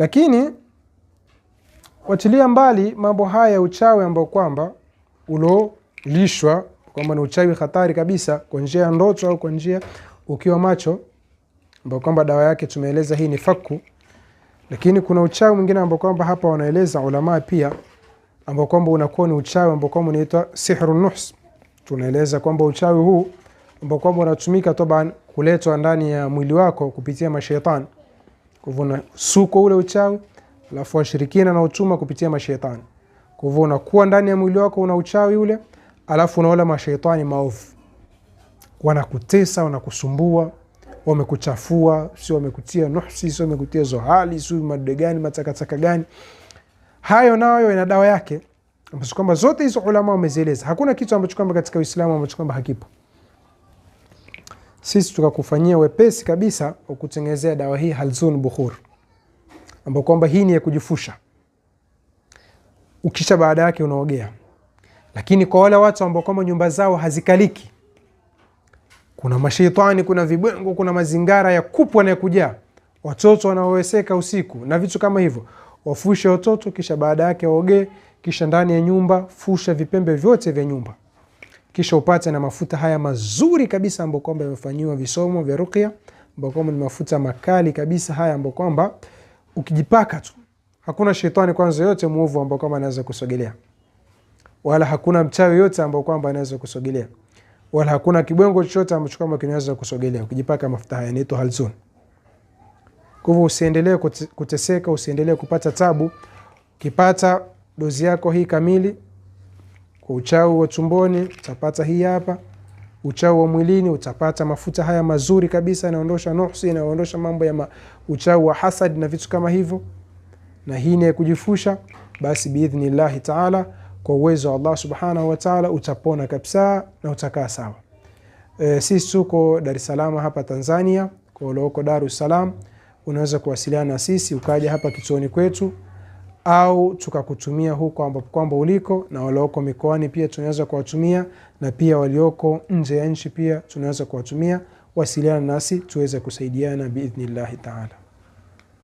Lakini wachilia mbali mambo haya ya uchawi ambao kwamba ulolishwa kwamba ni uchawi hatari kabisa kwa njia ya ndoto au kwa njia ukiwa macho, ambao kwamba dawa yake tumeeleza hii ni faku. Lakini kuna uchawi mwingine ambao kwamba hapa wanaeleza ulamaa pia, ambao kwamba unakuwa ni uchawi ambao kwamba unaitwa sihru nuhs. Tunaeleza kwamba uchawi huu ambao kwamba unatumika toban kuletwa ndani ya mwili wako kupitia mashaitani kwa hivyo unasukwa ule uchawi, alafu washirikina na uchuma kupitia mashetani. Kwa hivyo unakuwa ndani ya mwili wako una uchawi ule, alafu unaola mashetani maovu, wanakutesa, wanakusumbua, wamekuchafua, sio wamekutia nuhsi, sio wamekutia zohali, sio madude gani, matakataka gani. Hayo nayo ina dawa yake, ambazo kwamba zote hizo ulama wamezieleza. Hakuna kitu ambacho kwamba katika Uislamu ambacho kwamba hakipo sisi tukakufanyia wepesi kabisa ukutengezea dawa hii halzun Buhur, ambao kwamba hii ni ya kujifusha, ukisha baada yake unaogea. Lakini kwa wale watu ambao kwamba nyumba zao hazikaliki, kuna mashaitani, kuna vibwengo, kuna mazingara ya kupwa na ya kujaa, watoto wanaoweseka usiku na vitu kama hivyo, wafushe watoto, kisha baada yake waogee, kisha ndani ya nyumba fusha vipembe vyote vya nyumba kisha upate na mafuta haya mazuri kabisa ambayo kwamba yamefanyiwa visomo vya ruqya, ambayo kwamba ni mafuta makali kabisa haya ambayo kwamba ukijipaka tu hakuna shetani kwanza yote muovu ambao kwamba anaweza kusogelea, wala hakuna mchawi yote ambao kwamba anaweza kusogelea, wala hakuna kibwengo chochote ambacho kwamba kinaweza kusogelea ukijipaka mafuta haya, yanaitwa halzun. Kwa hivyo usiendelee kuteseka, usiendelee kupata tabu. Ukipata dozi yako hii kamili kwa uchawi wa tumboni utapata hii hapa, uchawi wa mwilini utapata mafuta haya mazuri kabisa, yanaondosha nuksi, yanaondosha mambo ya ma, uchawi wa hasad na vitu kama hivyo, na hii ni ya kujifusha. Basi biidhnillahi taala, kwa uwezo wa Allah subhanahu wa taala utapona kabisa na utakaa sawa. E, sisi tuko Dar es Salaam hapa Tanzania, kwa ulioko Dar es Salaam unaweza kuwasiliana na sisi ukaja hapa kituoni kwetu au tukakutumia huko ambapo kwamba uliko na walioko mikoani pia tunaweza kuwatumia, na pia walioko nje ya nchi pia tunaweza kuwatumia. Wasiliana nasi tuweze kusaidiana biidhnillahi taala.